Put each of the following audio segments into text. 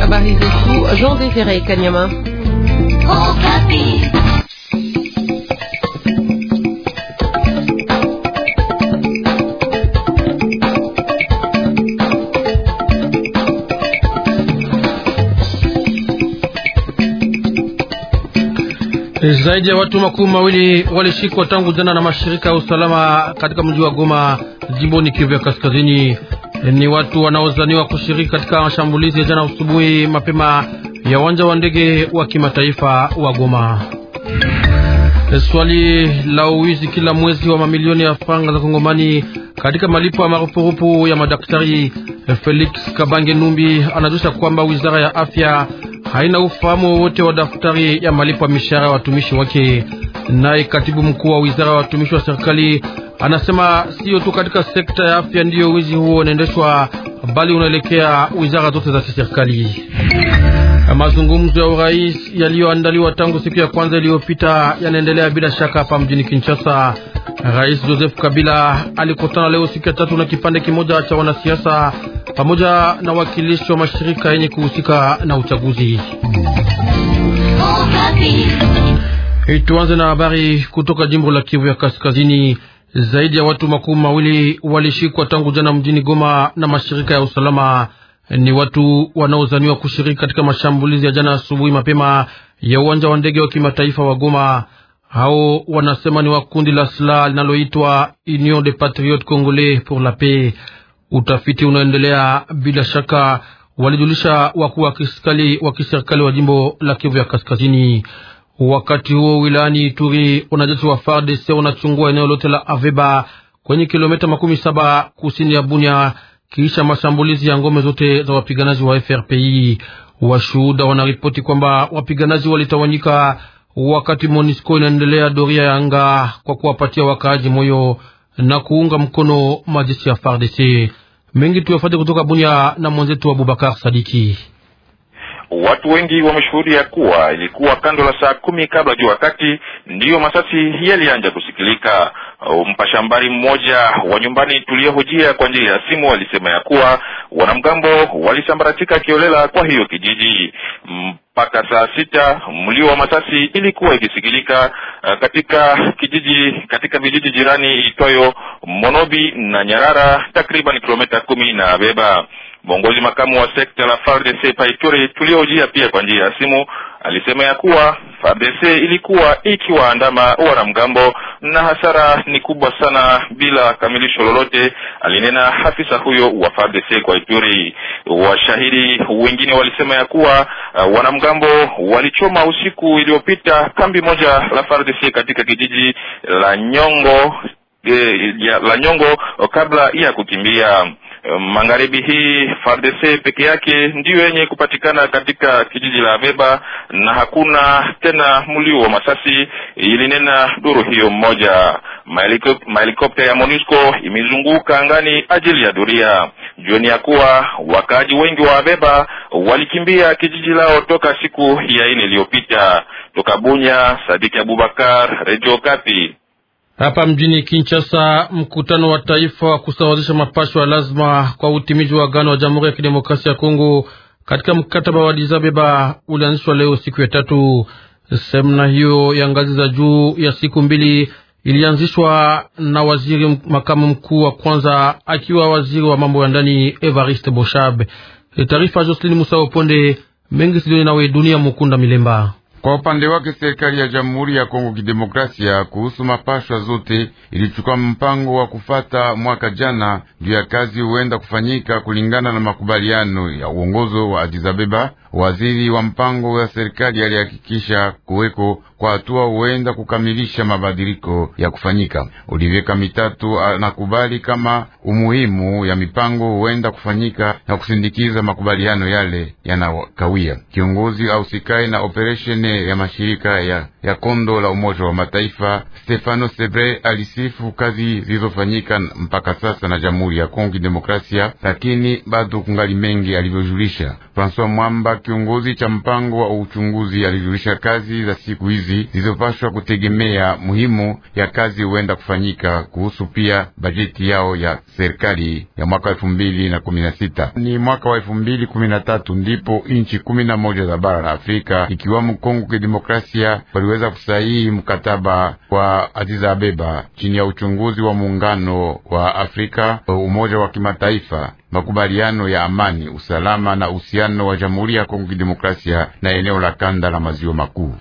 Habari zetu Jean Desire Kanyama. Okapi. Zaidi ya watu makumi mawili walishikwa tangu jana na mashirika ya usalama katika mji wa Goma, jimboni Kivu ya Kaskazini ni watu wanaozaniwa kushiriki katika mashambulizi ya jana asubuhi mapema ya uwanja wa ndege wa kimataifa wa Goma. Swali la uwizi kila mwezi wa mamilioni ya franga za Kongomani katika malipo ya marupurupu ya madaktari, Felix Kabange Numbi anajusha kwamba wizara ya afya haina ufahamu wowote wa daftari ya malipo ya mishahara ya watumishi wake. Naye katibu mkuu wa wizara ya watumishi wa serikali Anasema sio tu katika sekta ya afya ndiyo wizi huo unaendeshwa, bali unaelekea wizara zote za kiserikali. Mazungumzo ya urais yaliyoandaliwa tangu siku ya kwanza iliyopita yanaendelea bila shaka hapa mjini Kinshasa. Rais Joseph Kabila alikutana leo siku ya tatu na kipande kimoja cha wanasiasa pamoja na wakilishi wa mashirika yenye kuhusika na uchaguzi. Oh, tuanze na habari kutoka jimbo la Kivu ya Kaskazini. Zaidi ya watu makumi mawili walishikwa tangu jana mjini Goma na mashirika ya usalama. Ni watu wanaozaniwa kushiriki katika mashambulizi ya jana asubuhi mapema ya uwanja wa ndege wa kimataifa wa Goma. Hao wanasema ni wa kundi la silaha linaloitwa Union de Patriotes Congolais pour la Paix. Utafiti unaendelea bila shaka, walijulisha wakuu wa kiserikali wa jimbo la Kivu ya Kaskazini. Wakati huo wilayani Ituri, wanajeshi wa FARDC wanachungua eneo lote la Aveba kwenye kilomita makumi saba kusini ya Bunya kisha mashambulizi ya ngome zote za wapiganaji wa FRPI. Washuhuda wanaripoti kwamba wapiganaji walitawanyika wakati MONUSCO inaendelea doria ya anga kwa kuwapatia wakaaji moyo na kuunga mkono majeshi ya FARDC. Mengi tuyafate kutoka Bunya na mwenzetu Abubakar Sadiki. Watu wengi wameshuhudia kuwa ilikuwa kando la saa kumi kabla jua kati ndiyo masasi yalianja kusikilika. Mpashambari mmoja wa nyumbani tuliyehojia kwa njia ya simu alisema ya kuwa wanamgambo walisambaratika kiolela kwa hiyo kijiji mpaka saa sita mlio wa masasi ilikuwa ikisikilika eh, katika kijiji katika vijiji jirani itwayo Monobi na Nyarara takriban kilomita kumi na Beba. Mwongozi makamu wa sekta la FARDC Paituri tuliojia pia kwa njia ya simu alisema ya kuwa FARDC ilikuwa ikiwaandama wanamgambo na hasara ni kubwa sana bila kamilisho lolote, alinena afisa huyo wa FARDC kwa Ituri. Washahidi wengine walisema ya kuwa uh, wanamgambo walichoma usiku iliyopita kambi moja la FARDC katika kijiji la Nyongo, eh, ya, la Nyongo kabla ya kukimbia magharibi hii FARDC peke yake ndiyo yenye kupatikana katika kijiji la Ameba na hakuna tena mlio wa masasi, ilinena duru hiyo mmoja. Mahelikopta ya MONUSCO imezunguka angani ajili ya doria jioni ya kuwa wakaaji wengi wa Abeba walikimbia kijiji lao toka siku ya ine iliyopita. Toka Bunya, Sadiki Abubakar, Radio Kapi. Hapa mjini Kinshasa, mkutano wa taifa wa kusawazisha mapasho ya lazima kwa utimizi wa agano wa Jamhuri ya Kidemokrasia ya Kongo katika mkataba wa Addis Ababa ulianzishwa leo siku ya tatu. Semina hiyo ya ngazi za juu ya siku mbili ilianzishwa na waziri makamu mkuu wa kwanza akiwa waziri wa mambo ya ndani Evariste Boshab. Taarifa joselin Musa Oponde mengi sidoni nawe dunia mukunda Milemba. Kwa upande wake serikali ya Jamhuri ya Kongo Kidemokrasia kuhusu mapashwa zote ilichukua mpango wa kufata mwaka jana juu ya kazi huenda kufanyika kulingana na makubaliano ya uongozo wa Addis Waziri wa mpango wa serikali alihakikisha kuweko kwa hatua huenda kukamilisha mabadiliko ya kufanyika. Olivier Kamitatu anakubali kama umuhimu ya mipango huenda kufanyika na kusindikiza makubaliano yale yanakawia. Kiongozi ausikae na operesheni ya mashirika ya ya kondo la Umoja wa Mataifa Stefano Sebre alisifu kazi zilizofanyika mpaka sasa na Jamhuri ya Kongo Demokrasia, lakini bado kungali mengi, alivyojulisha Francois Mwamba, kiongozi cha mpango wa uchunguzi. Alijulisha kazi za siku hizi zilizopashwa kutegemea muhimu ya kazi huenda kufanyika kuhusu pia bajeti yao ya serikali ya mwaka elfu mbili na kumi na sita. Ni mwaka wa elfu mbili kumi na tatu ndipo inchi kumi na moja za bara la Afrika ikiwamo Kongo Kidemokrasia waliwe waliweza kusahihi mkataba wa Addis Abeba chini ya uchunguzi wa muungano wa Afrika, umoja wa kimataifa, makubaliano ya amani, usalama na uhusiano wa Jamhuri ya Kongo Kidemokrasia na eneo la kanda la maziwa makuu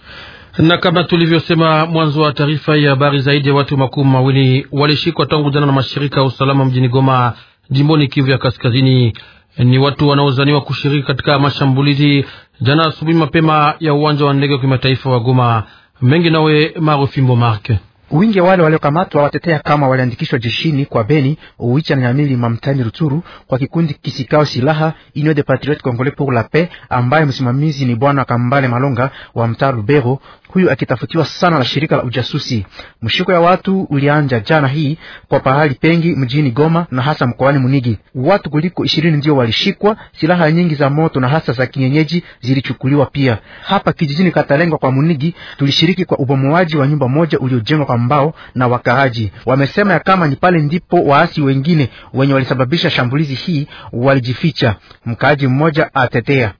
na kama tulivyosema mwanzo wa taarifa ya habari, zaidi ya watu makumi mawili walishikwa tangu jana na mashirika ya usalama mjini Goma, jimboni Kivu ya Kaskazini. Ni watu wanaozaniwa kushiriki katika mashambulizi jana asubuhi mapema ya uwanja wa ndege wa kimataifa wa Goma mengi nawe, Marofimbo Mark wingi wa wale waliokamatwa watetea kama waliandikishwa jeshini kwa Beni Uwicha na Nyamili mamtani Ruturu kwa kikundi kisikao silaha Union de Patriot Congolais pour la Paix, ambaye msimamizi ni bwana Kambale Malonga wa mtaa Lubero, huyu akitafutiwa sana na shirika la ujasusi. Mshiko ya watu ulianja jana hii kwa pahali pengi mjini Goma na hasa mkoani Munigi. Watu kuliko ishirini ndio walishikwa, silaha nyingi za moto na hasa za kienyeji zilichukuliwa. Pia hapa kijijini Katalengwa kwa Munigi tulishiriki kwa ubomoaji wa nyumba moja uliojengwa kwa mbao na wakaaji wamesema ya kama ni pale ndipo waasi wengine wenye walisababisha shambulizi hii walijificha. Mkaaji mmoja atetea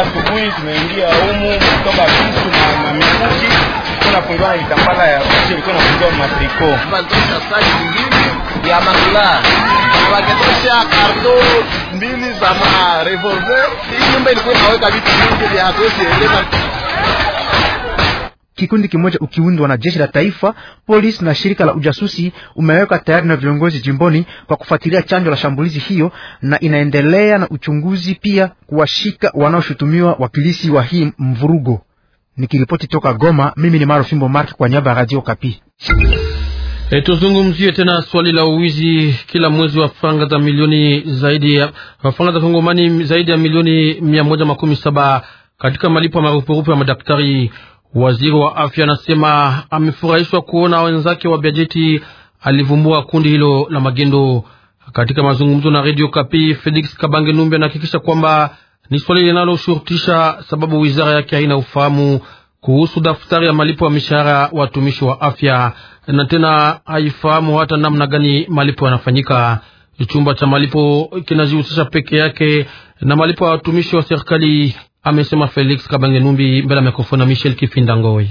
asubuhi tumeingia humu kutoka kisu na tunafungiwa na vitambala ya kuchi ilikuwa nafungiwa matriko ya karto mbili za revolver. Hii nyumba ilikuwa inaweka vitu vingi vya hatuwezi eleza kikundi kimoja ukiundwa na jeshi la taifa, polisi na shirika la ujasusi umewekwa tayari na viongozi jimboni kwa kufuatilia chanjo la shambulizi hiyo, na inaendelea na uchunguzi pia kuwashika wanaoshutumiwa wakilisi wa hii mvurugo. Nikiripoti toka Goma, mimi ni Maro Fimbo Mark kwa niaba ya Radio Kapi. E, tuzungumzie tena swali la uwizi kila mwezi wa franga za milioni zaidi ya franga za Kongomani zaidi ya milioni mia moja makumi saba katika malipo ya marupurupu ya madaktari. Waziri wa afya anasema amefurahishwa kuona wenzake wa Biajeti alivumbua kundi hilo la magendo. Katika mazungumzo na Radio Kapi, Felix Kabange Numbi anahakikisha kwamba ni swali linaloshurutisha, sababu wizara yake haina ufahamu kuhusu daftari ya malipo ya mishahara watumishi wa afya, na tena haifahamu hata namna gani malipo yanafanyika. Chumba cha malipo kinajihusisha peke yake na malipo ya watumishi wa serikali amesema Felix Kabange Numbi mbele ya mikrofoni ya Michel Kifinda Ngoi.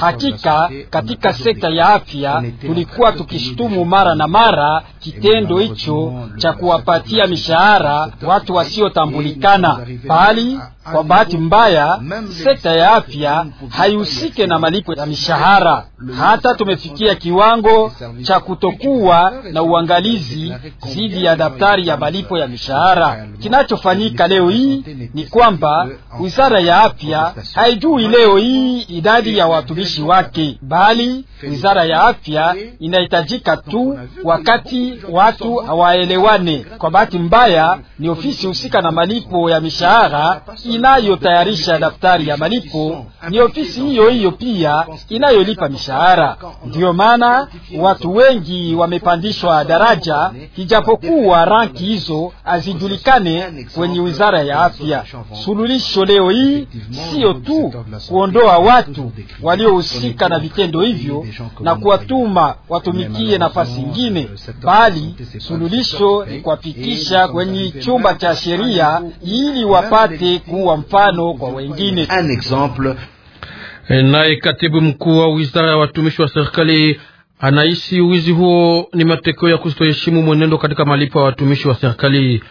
Hakika katika sekta ya afya tulikuwa tukishtumu mara na mara kitendo hicho cha kuwapatia mishahara watu wasiotambulikana, bali kwa bahati mbaya, sekta ya afya haihusike na malipo ya mishahara. Hata tumefikia kiwango cha kutokuwa na uangalizi dhidi ya daftari ya malipo ya mishahara. Kinachofanyika leo hii ni kwamba wizara ya afya haijui leo hii idadi ya watumishi wake, bali wizara ya afya inahitajika tu wakati watu hawaelewane. Kwa bahati mbaya, ni ofisi husika na malipo ya mishahara inayotayarisha daftari ya malipo ni ofisi hiyo hiyo pia inayolipa mishahara. Ndiyo maana watu wengi wamepandishwa daraja, ijapokuwa ranki hizo hazijulikane kwenye wizara ya afya. Suluhisho leo hii siyo tu kuondoa watu waliohusika na vitendo hivyo na kuwatuma watumikie nafasi ingine, bali suluhisho ni kuwafikisha kwenye chumba cha sheria ili wapate ku kuwa mfano kwa wengine. An exemple. E, naye katibu mkuu wa wizara ya watumishi wa serikali anaishi wizi huo ni matokeo ya kutoheshimu mwenendo katika malipo ya watumishi wa serikali.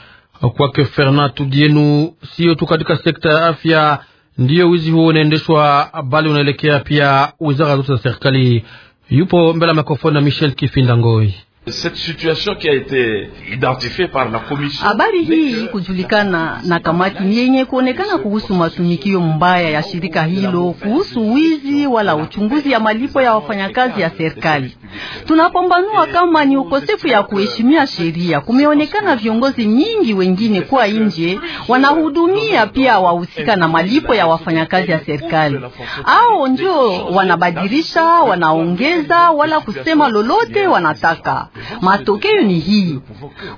Kwake Fernand Tudienu, sio tu katika sekta ya afya ndiyo wizi huo unaendeshwa, bali unaelekea pia wizara zote za serikali. Yupo mbele ya mikrofoni na Michel kifindangoi Cette situation qui a été identifiée par la commission. Habari hii kujulikana na kamati ni yenye kuonekana kuhusu matumikio mbaya ya shirika hilo, kuhusu wizi wala uchunguzi ya malipo ya wafanyakazi ya serikali. Tunapambanua kama ni ukosefu ya kuheshimia sheria. Kumeonekana viongozi nyingi wengine kwa nje wanahudumia pia wahusika na malipo ya wafanyakazi ya serikali. au ndio wanabadilisha, wanaongeza wala kusema lolote wanataka. Matokeo ni hii: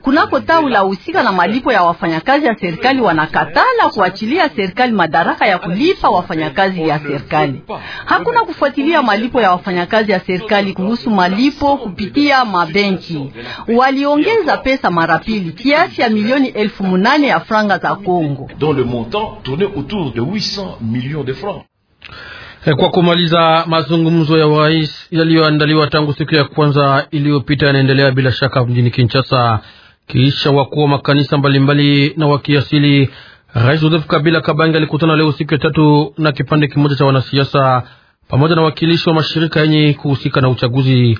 kunako tawi la husika na malipo ya wafanyakazi ya serikali, wanakatala kuachilia serikali madaraka ya kulipa wafanyakazi ya serikali. Hakuna kufuatilia malipo ya wafanyakazi ya serikali kuhusu malipo kupitia mabenki. Waliongeza pesa mara pili kiasi ya milioni elfu munane ya franga za Kongo. Eh, kwa kumaliza mazungumzo ya urais yaliyoandaliwa tangu siku ya kwanza iliyopita yanaendelea bila shaka mjini Kinshasa. Kisha wakuu wa makanisa mbalimbali na wakiasili, Rais Joseph Kabila Kabange alikutana leo siku ya tatu na kipande kimoja cha wanasiasa pamoja na wakilishi wa mashirika yenye kuhusika na uchaguzi.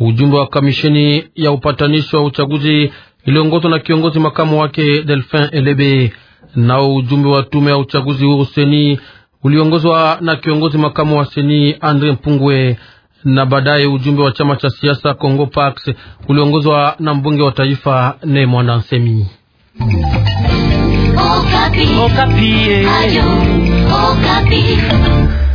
Ujumbe wa kamisheni ya upatanisho wa uchaguzi iliongozwa na kiongozi makamu wake Delphin Elebe, nao ujumbe wa tume ya uchaguzi huru seni uliongozwa na kiongozi makamu wa seni Andre Mpungwe na baadaye ujumbe wa chama cha siasa Congo Pax uliongozwa na mbunge wa taifa Ne Mwana Nsemi. Okapi. Okapi. Eh. Ayu, Okapi.